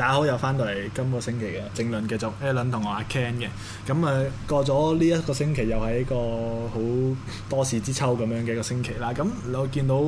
大家好，又翻到嚟今個星期嘅政論繼續，Allen 同我阿 Ken 嘅咁啊，過咗呢一,一個星期又係一個好多事之秋咁樣嘅一個星期啦。咁我見到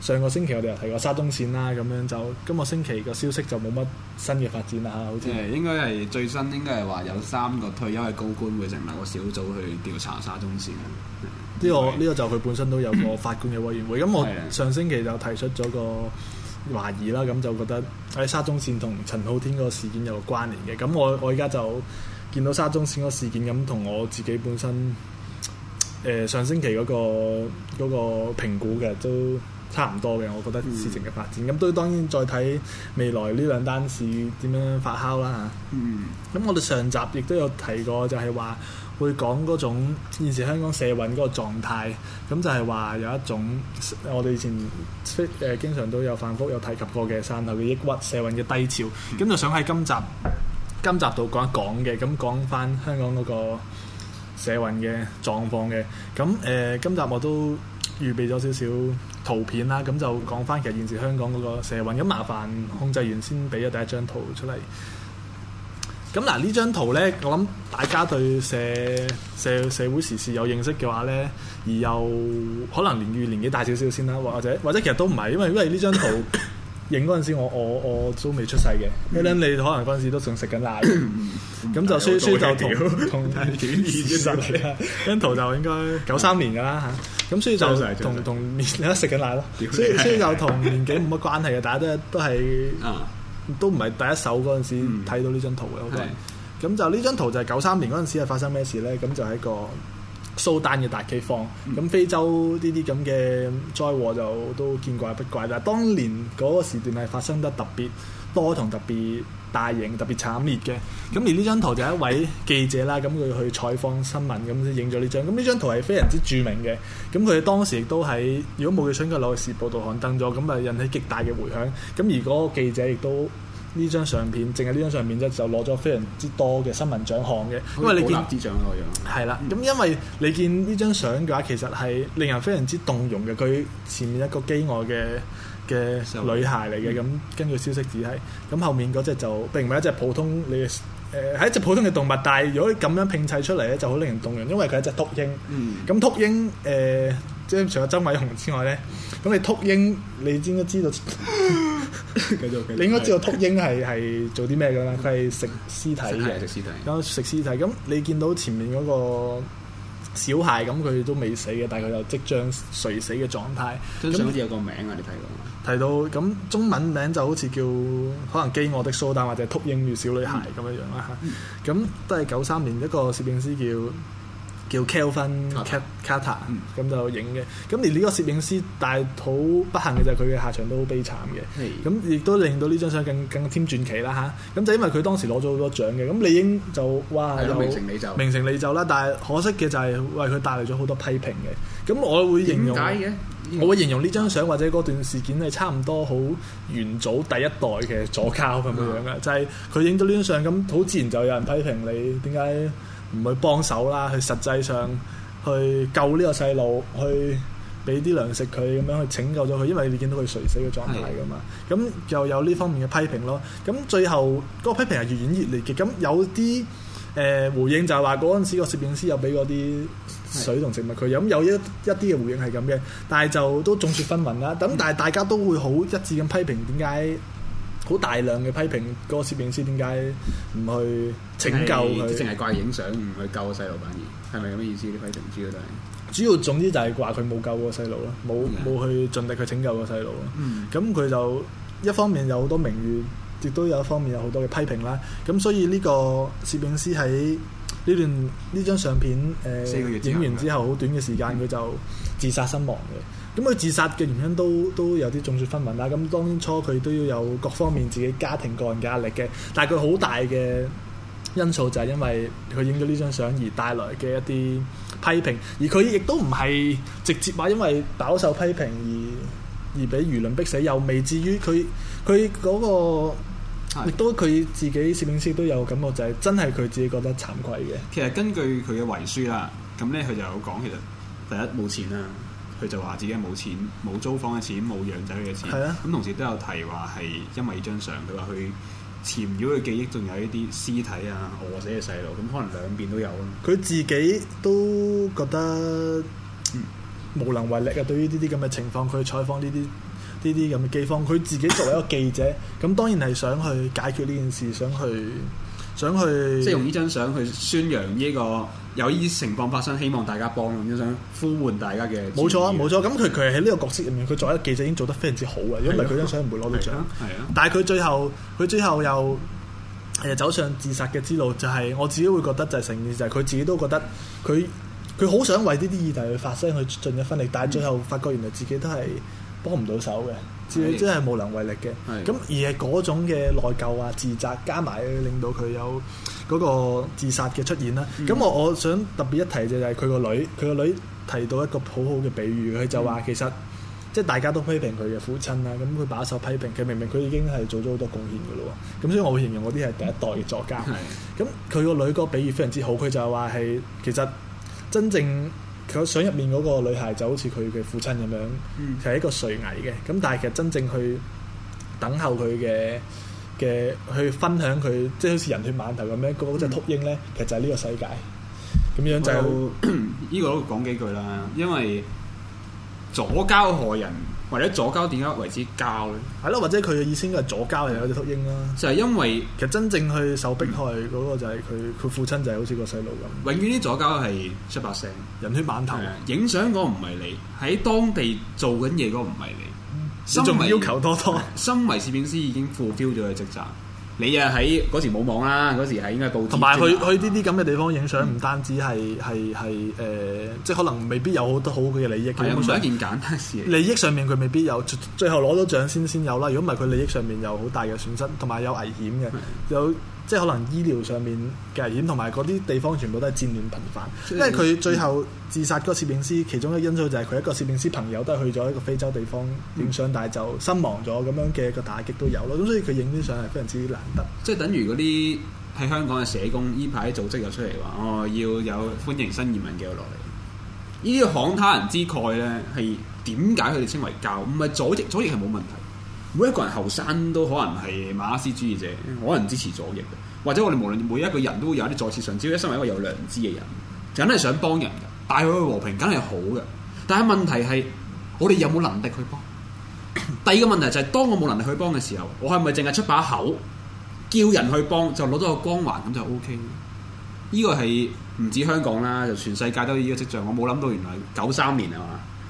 上個星期我哋又提過沙中線啦，咁樣就今個星期個消息就冇乜新嘅發展啦。嚇，好似係應該係最新應該係話有三個退休嘅高官會成立個小組去調查沙中線。呢因為、呢個呢、呢個就佢本身都有個法官嘅委員會。咁 我上星期就提出咗個。懷疑啦，咁就覺得喺沙中線同陳浩天嗰個事件有關聯嘅。咁我我依家就見到沙中線嗰個事件咁，同我自己本身誒、呃、上星期嗰個嗰個評估嘅都差唔多嘅。我覺得事情嘅發展咁、嗯、都當然再睇未來呢兩單事點樣發酵啦吓，嗯，咁我哋上集亦都有提過，就係話。會講嗰種現時香港社運嗰個狀態，咁就係話有一種我哋以前誒、呃、經常都有反覆有提及過嘅山頭嘅抑鬱社運嘅低潮，咁、嗯、就想喺今集今集度講一講嘅，咁講返香港嗰個社運嘅狀況嘅，咁誒、呃、今集我都預備咗少少圖片啦，咁就講返其實現時香港嗰個社運，咁麻煩控制員先俾咗第一張圖出嚟。咁嗱，呢張圖咧，我諗大家對社社社會時事有認識嘅話咧，而又可能年遇年紀大少少先啦，或者或者其實都唔係，因為因為呢張圖影嗰陣時，我我我都未出世嘅，你可能嗰陣時都仲食緊奶，咁就所以就同同短視視力啦。呢張圖就應該九三年㗎啦吓，咁所以就同同年你都食緊奶咯，所以所以就同年紀冇乜關係嘅，大家都都係啊。都唔係第一手嗰陣時睇、嗯、到呢張圖嘅，我覺得。咁就呢張圖就係九三年嗰陣時係發生咩事呢？咁就係一個蘇丹嘅大饑荒。咁、嗯、非洲呢啲咁嘅災禍就都見怪不怪。但係當年嗰個時段係發生得特別多同特別，大型特別慘烈嘅，咁而呢張圖就係一位記者啦，咁佢去採訪新聞咁先影咗呢張，咁呢張圖係非常之著名嘅，咁佢當時亦都喺，如果冇記錯嘅話攞報道刊登咗，咁啊引起極大嘅迴響。咁而嗰個記者亦都呢張相片，淨係呢張相片啫，就攞咗非常之多嘅新聞獎項嘅，因為你見，係啦達，咁因為你見呢張相嘅話，其實係令人非常之動容嘅，佢前面一個飢餓嘅嘅女孩嚟嘅，咁根據消息指喺，咁後面嗰隻就並唔係一隻普通你誒係、呃、一隻普通嘅動物，但係如果咁樣拼砌出嚟咧，就好令人動容，因為佢係隻禿鷹。嗯。咁禿鷹誒，即、呃、係除咗周偉雄之外咧，咁你禿鷹，你應該知道。 繼續，繼續你應該知道禿鷹係係做啲咩嘅啦？佢係食屍體嘅。 食屍體。咁食屍體，咁、嗯嗯、你見到前面嗰、那個？小孩，咁佢都未死嘅，但係佢又即將垂死嘅狀態。咁好似有個名啊，你睇到。提到咁中文名就好似叫可能《飢餓的蘇丹》或者《禿鷹與小女孩》咁樣樣啦嚇。咁都係九三年一個攝影師叫。叫 Kelvin Carter，咁、嗯、就影嘅。咁而呢個攝影師，但係好不幸嘅就係佢嘅下場都好悲慘嘅。咁亦、嗯、都令到呢張相更更添傳奇啦嚇。咁就因為佢當時攞咗好多獎嘅。咁李英就哇，對有明就名成利就名成你就啦。但係可惜嘅就係為佢帶來咗好多批評嘅。咁我，我會形容我會形容呢張相或者嗰段事件係差唔多好元祖第一代嘅左膠咁嘅樣嘅。嗯、就係佢影到呢張相，咁好自然就有人批評你點解？唔去幫手啦，去實際上去救呢個細路，去俾啲糧食佢咁樣去拯救咗佢，因為你見到佢垂死嘅狀態㗎嘛，咁是的 就有呢方面嘅批評咯。咁最後嗰個批評係越演越烈嘅，咁有啲誒、呃、回應就係話嗰陣時個攝影師有俾嗰啲水同食物佢飲，咁是的 有一一啲嘅回應係咁嘅，是的 但係就都眾說紛紜啦。咁是的 但係大家都會好一致咁批評點解？好大量嘅批評，個攝影師點解唔去拯救佢？淨係怪影相唔去救個細路，反而係咪咁咩意思？啲批評主要總之就係話佢冇救個細路咯，冇冇去盡力去拯救個細路咯。咁佢、嗯、就一方面有好多名譽，亦都有一方面有好多嘅批評啦。咁所以呢個攝影師喺呢段呢張相片誒影、呃、完之後，好短嘅時間佢、嗯、就自殺身亡嘅。咁佢自殺嘅原因都都有啲眾說紛紜啦。咁當初佢都要有各方面自己家庭個人嘅壓力嘅，但係佢好大嘅因素就係因為佢影咗呢張相而帶來嘅一啲批評。而佢亦都唔係直接話因為飽受批評而而俾輿論逼死，又未至於佢佢嗰個，亦的都佢自己攝影師都有感覺就係真係佢自己覺得慚愧嘅。其實根據佢嘅遺書啦，咁咧佢就有講，其實第一冇錢啊。佢就話自己冇錢，冇租房嘅錢，冇養仔嘅錢。係啊，咁同時都有提話係因為呢張相，佢話佢纏繞嘅記憶仲有一啲屍體啊餓、呃、死嘅細路，咁可能兩邊都有咯。佢自己都覺得無能為力啊！對於呢啲咁嘅情況，佢去採訪呢啲呢啲咁嘅地方，佢自己作為一個記者，咁 當然係想去解決呢件事，想去。想去即係用呢張相去宣揚呢個有呢啲情況發生，希望大家幫，想呼喚大家嘅。冇錯啊，冇錯。咁佢佢喺呢個角色入面，佢作為一個記者已經做得非常之好嘅，因為佢張相唔會攞到獎。呀但係佢最後佢最後又、呃、走上自殺嘅之路、就是，就係我自己會覺得就係成件事，就係、是、佢自己都覺得佢佢好想為呢啲議題去發聲，去盡一分力，但係最後發覺原來自己都係。幫唔到手嘅，即係真係無能為力嘅。咁的而係嗰種嘅內疚啊、自責加，加埋令到佢有嗰個自殺嘅出現啦。咁我、嗯、我想特別一提就係佢個女，佢個女提到一個好好嘅比喻，佢就話其實、嗯、即係大家都批評佢嘅父親啦，咁佢把手批評，佢明明佢已經係做咗好多貢獻嘅咯。咁所以我會形容嗰啲係第一代嘅作家。咁佢個女個比喻非常之好，佢就話係其實真正。佢相入面嗰個女孩就好似佢嘅父親咁樣，就係、嗯、一個垂危嘅。咁但係其實真正去等候佢嘅嘅去分享佢，即係好似人血饅頭咁樣嗰隻禿鷹咧，其實就係呢個世界。咁、嗯、樣就依、 呢個都講幾句啦。因為左膠何人？或者左膠點解為之膠咧？係咯， 或者佢嘅意思應該係左膠係有啲隻禿鷹啦。就係、是、因為其實真正去受迫害嗰個就係佢，佢 父親就係好似個細路咁。永遠啲左膠係七八成，人血饅頭。影相嗰個唔係你，喺當地做緊嘢嗰個唔係你。嗯、仲要求多多，身為攝影師已經負標咗嘅職責。你啊喺嗰時冇網啦，嗰時係應該報紙。同埋去去呢啲咁嘅地方影相，唔單止係係係誒，即係可能未必有好多好嘅利益。有冇的一件簡單事？利益上面佢未必有，最最後攞到獎先先有啦。如果唔係，佢利益上面有好大嘅損失，同埋有危險嘅，有是的。即係可能醫療上面嘅危險，同埋嗰啲地方全部都係戰亂頻繁，是因為佢最後自殺嗰個攝影師，其中一個因素就係佢一個攝影師朋友都係去咗一個非洲地方影相，嗯、但係就身亡咗咁樣嘅一個打擊都有咯。咁所以佢影啲相係非常之難得。即係等於嗰啲喺香港嘅社工，呢排組織又出嚟話，哦，要有歡迎新移民嘅落嚟。呢啲慷他人之慨呢，係點解佢哋稱為教？唔係左翼，左翼係冇問題。每一個人後生都可能係馬克思主義者，可能支持左翼嘅，或者我哋無論每一個人都有一啲在善上。只要身為一個有良知嘅人，梗係想幫人嘅，帶佢去和平梗係好嘅。但係問題係，我哋有冇能力去幫？ 第二個問題就係、是，當我冇能力去幫嘅時候，我係咪淨係出把口叫人去幫，就攞咗個光環咁就 OK？呢、這個係唔止香港啦，就全世界都有呢個跡象。我冇諗到原來九三年啊嘛。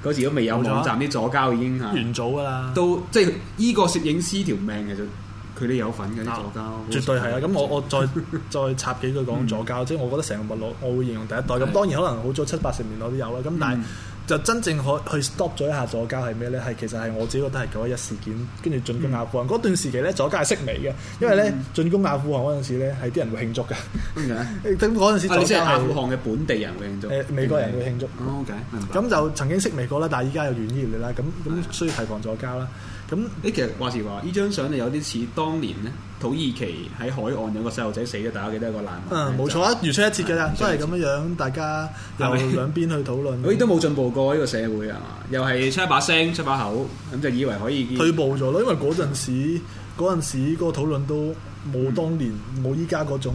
嗰時都未有網站，啲了左膠已經嚇完早㗎啦。都即係依個攝影師條命其實佢都有份嘅，啊、左膠絕對係啊！咁我我，我再 再插幾句講左膠，即係 我覺得成個物落，我會形容第一代咁。的當然可能好早七八十年代都有啦，咁但係。 嗯就真正可去 stop 咗一下左膠係咩咧？係其實係我自己覺得係九一一事件，跟住進攻阿富汗嗰、嗯、段時期咧，左膠係式微嘅，因為咧進攻阿富汗嗰陣時咧係啲人會慶祝嘅，點解？等嗰陣時，阿富汗嘅本地人會慶祝，誒美國人會慶祝，OK，咁就曾經式微過啦，但係依家又願意嚟啦，咁咁需要提防左膠啦。咁，誒其實話時話，呢張相就有啲似當年咧，土耳其喺海岸有個細路仔死咗，大家記得一個難民。嗯，冇錯啊，就一如出一轍嘅啦，對都係咁樣，切大家由兩邊去討論。我亦吧、嗯、都冇進步過呢、呢個社會啊，又係出一把聲，出把口，咁就以為可以。退步咗咯，因為嗰陣時，嗰陣、嗯、時嗰個討論都冇當年冇依家嗰種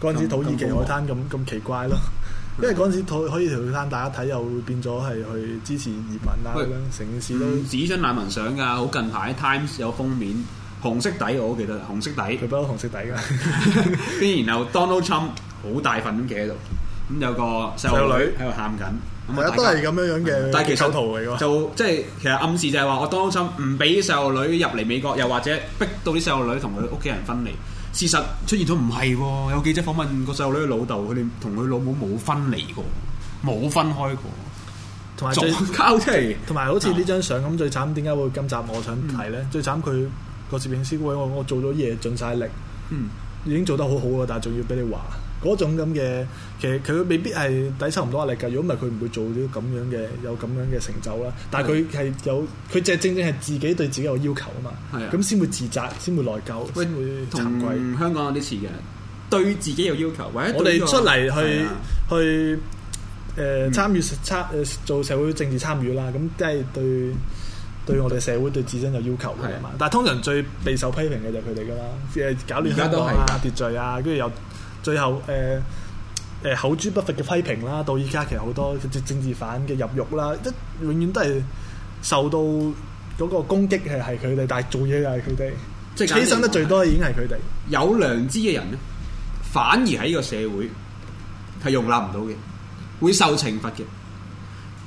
嗰陣時土耳其海灘咁咁奇怪咯。嗯嗯嗯嗯嗯因為嗰陣時可可以條攤大家睇又變咗係去支持難民啦，成件事。紙張難民相㗎，好近排 Times 有封面，紅色底我記得，紅色底。佢不嬲紅色底㗎，跟住然後 Donald Trump 好大份咁企喺度，咁有個細路女喺度喊緊。其實都係咁樣樣嘅。戴條手鐲嚟㗎。就即係其實暗示就係話我 Donald Trump 唔俾細路女入嚟美國，又或者逼到啲細路女同佢屋企人分離。事實出現咗唔係喎，有記者訪問個細路女嘅老豆，佢哋同佢老母冇分離過，冇分開過，仲嬌氣。同埋 好似呢張相咁最慘，點解會今集我想提呢？嗯、最慘佢個攝影師，我我做咗嘢盡晒力，嗯、已經做得好好啦，但係仲要俾你話。嗰種咁嘅，其實佢未必係抵受唔到壓力㗎。如果唔係，佢唔會做啲咁樣嘅有咁樣嘅成就啦。但係佢係有佢淨係的正正係自己對自己有要求啊嘛。係啊的，咁先會自責，先會內疚，先跟會沉、嗯、香港有啲似嘅，對自己有要求，或者我哋出嚟去的去誒、呃、參與參誒、嗯、做社會政治參與啦。咁即係對對我哋社會對自身有要求㗎嘛。的的但係通常最備受批評嘅就係佢哋㗎啦，即係搞亂香港啊、秩序啊，跟住又。最後誒誒、呃呃、口誅筆伐嘅批評啦，到依家其實好多、嗯、政治犯嘅入獄啦，即永遠都係受到嗰個攻擊係係佢哋，但係做嘢又係佢哋，即係犧牲得最多已經係佢哋。有良知嘅人咧，反而喺呢個社會係容納唔到嘅，會受懲罰嘅。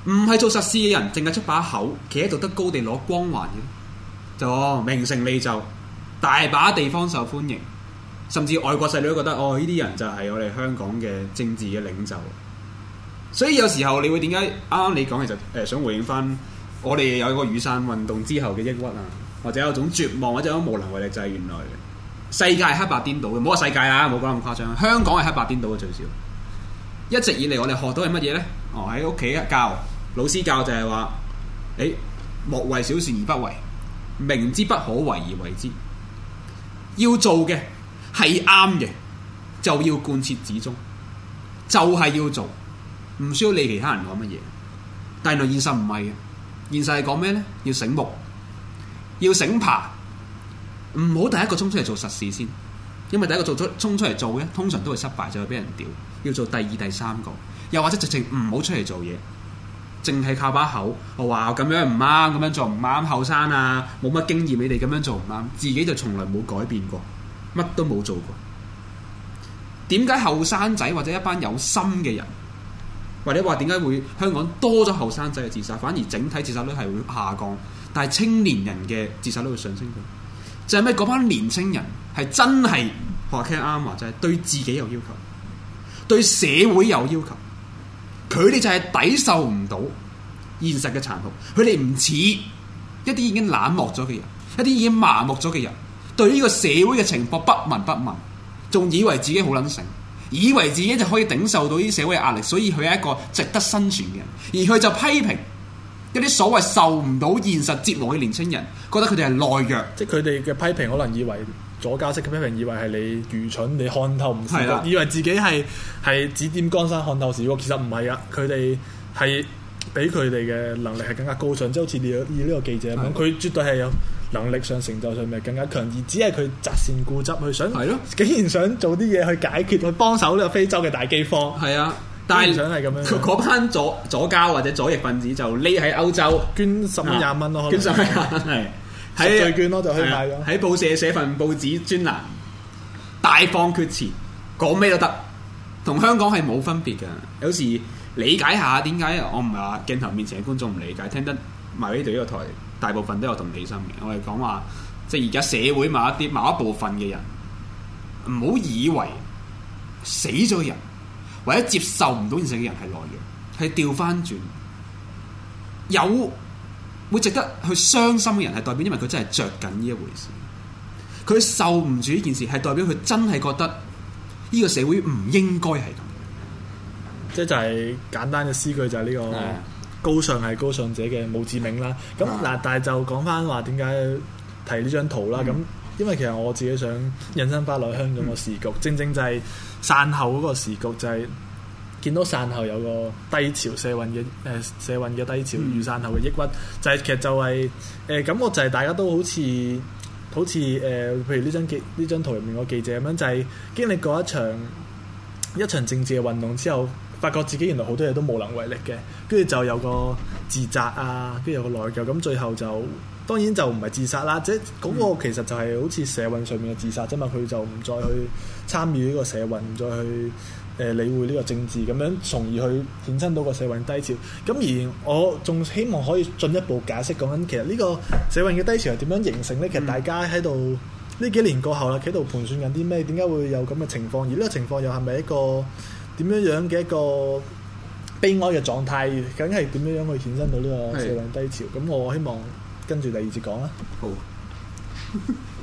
唔係做實事嘅人，淨係出把口，企喺度得高地攞光環嘅，就名成利就，大把地方受歡迎。甚至外國細女都覺得哦，呢啲人就係我哋香港嘅政治嘅領袖，所以有時候你會點解啱啱你講嘅，就誒、呃、想回應翻我哋有一個雨傘運動之後嘅抑鬱啊，或者有種絕望或者一種無能為力，就係原來世界係黑白顛倒嘅，唔好話世界啦、啊，唔好講咁誇張，香港係黑白顛倒嘅最少。一直以嚟我哋學到係乜嘢呢？哦喺屋企一教老師教就係話，誒、哎、莫為小事而不為，明知不可為而為之，要做嘅。係啱嘅，就要貫徹始終，就係、是、要做，唔需要理其他人講乜嘢。但係現實唔係嘅，現實係講咩咧？要醒目，要醒爬，唔好第一個衝出嚟做實事先，因為第一個衝出做出衝出嚟做嘅，通常都會失敗，就會俾人屌。要做第二、第三個，又或者直情唔好出嚟做嘢，淨係靠把口。我話我咁樣唔啱，咁樣做唔啱，後生啊，冇乜經驗，你哋咁樣做唔啱，自己就從來冇改變過。乜都冇做過，點解後生仔或者一班有心嘅人，或者話點解會香港多咗後生仔嘅自殺，反而整體自殺率係會下降，但係青年人嘅自殺率會上升嘅，就係、是、咩？嗰班年青人係真係學聽啱話，就係、是、對自己有要求，對社會有要求，佢哋就係抵受唔到現實嘅殘酷，佢哋唔似一啲已經冷漠咗嘅人，一啲已經麻木咗嘅人。對呢個社會嘅情況不聞不問，仲以為自己好捻醒，以為自己就可以頂受到呢啲社會壓力，所以佢係一個值得生存嘅人。而佢就批評一啲所謂受唔到現實折磨嘅年輕人，覺得佢哋係懦弱。即係佢哋嘅批評，可能以為左家式嘅批評，以為係你愚蠢，你看透唔到，的以為自己係係指點江山看透事，其實唔係啊，佢哋係比佢哋嘅能力係更加高尚。即係好似你以呢個記者咁，佢的絕對係有。能力上、成就上咪更加強，而只係佢擇善固執，去想，係咯的，竟然想做啲嘢去解決，去幫手呢個非洲嘅大饑荒。係啊的，但係想係咁樣，嗰班左左膠或者左翼分子就匿喺歐洲捐十蚊廿蚊咯，啊、捐十蚊廿蚊，係 的，贖 罪券咯，就去買咯，喺報社寫份報紙專欄，大放厥詞，講咩都得，同香港係冇分別嘅。有時理解下點解我唔係話鏡頭面前嘅觀眾唔理解，聽得埋呢度呢個台。大部分都有同理心嘅，我哋講話即係而家社會某一啲某一部分嘅人，唔好以為死咗人或者接受唔到現實嘅人係懦弱，係掉返轉有會值得去傷心嘅人，係代表因為佢真係着緊呢一回事，佢受唔住呢件事，係代表佢真係覺得呢個社會唔應該係咁，即是就係簡單嘅詩句就係呢個。高尚係高尚者嘅墓誌銘啦，咁嗱、嗯，但係就講翻話點解提呢張圖啦？咁、嗯、因為其實我自己想引申翻落香港個時局，嗯、正正就係散後嗰個時局就係見到散後有個低潮社運嘅誒、呃、社運嘅低潮與散後嘅抑鬱，就係、是、其實就係、是、誒、呃、感覺就係大家都好似好似誒、呃，譬如呢張記呢張圖入面個記者咁樣，就係、是、經歷過一場一場政治嘅運動之後。發覺自己原來好多嘢都無能為力嘅，跟住就有個自責啊，跟住有個內疚，咁最後就當然就唔係自殺啦，即係嗰個其實就係好似社運上面嘅自殺啫嘛，佢就唔再去參與呢個社運，唔再去誒、呃、理會呢個政治，咁樣從而去衍生到個社運低潮。咁而我仲希望可以進一步解釋講緊，其實呢個社運嘅低潮係點樣形成呢？其實大家喺度呢幾年過後啦，企度盤算緊啲咩？點解會有咁嘅情況？而呢個情況又係咪一個？點樣樣嘅一個悲哀嘅狀態，究竟係點樣樣去衍生到呢個社論低潮？咁是的 我希望跟住第二節講啦。好。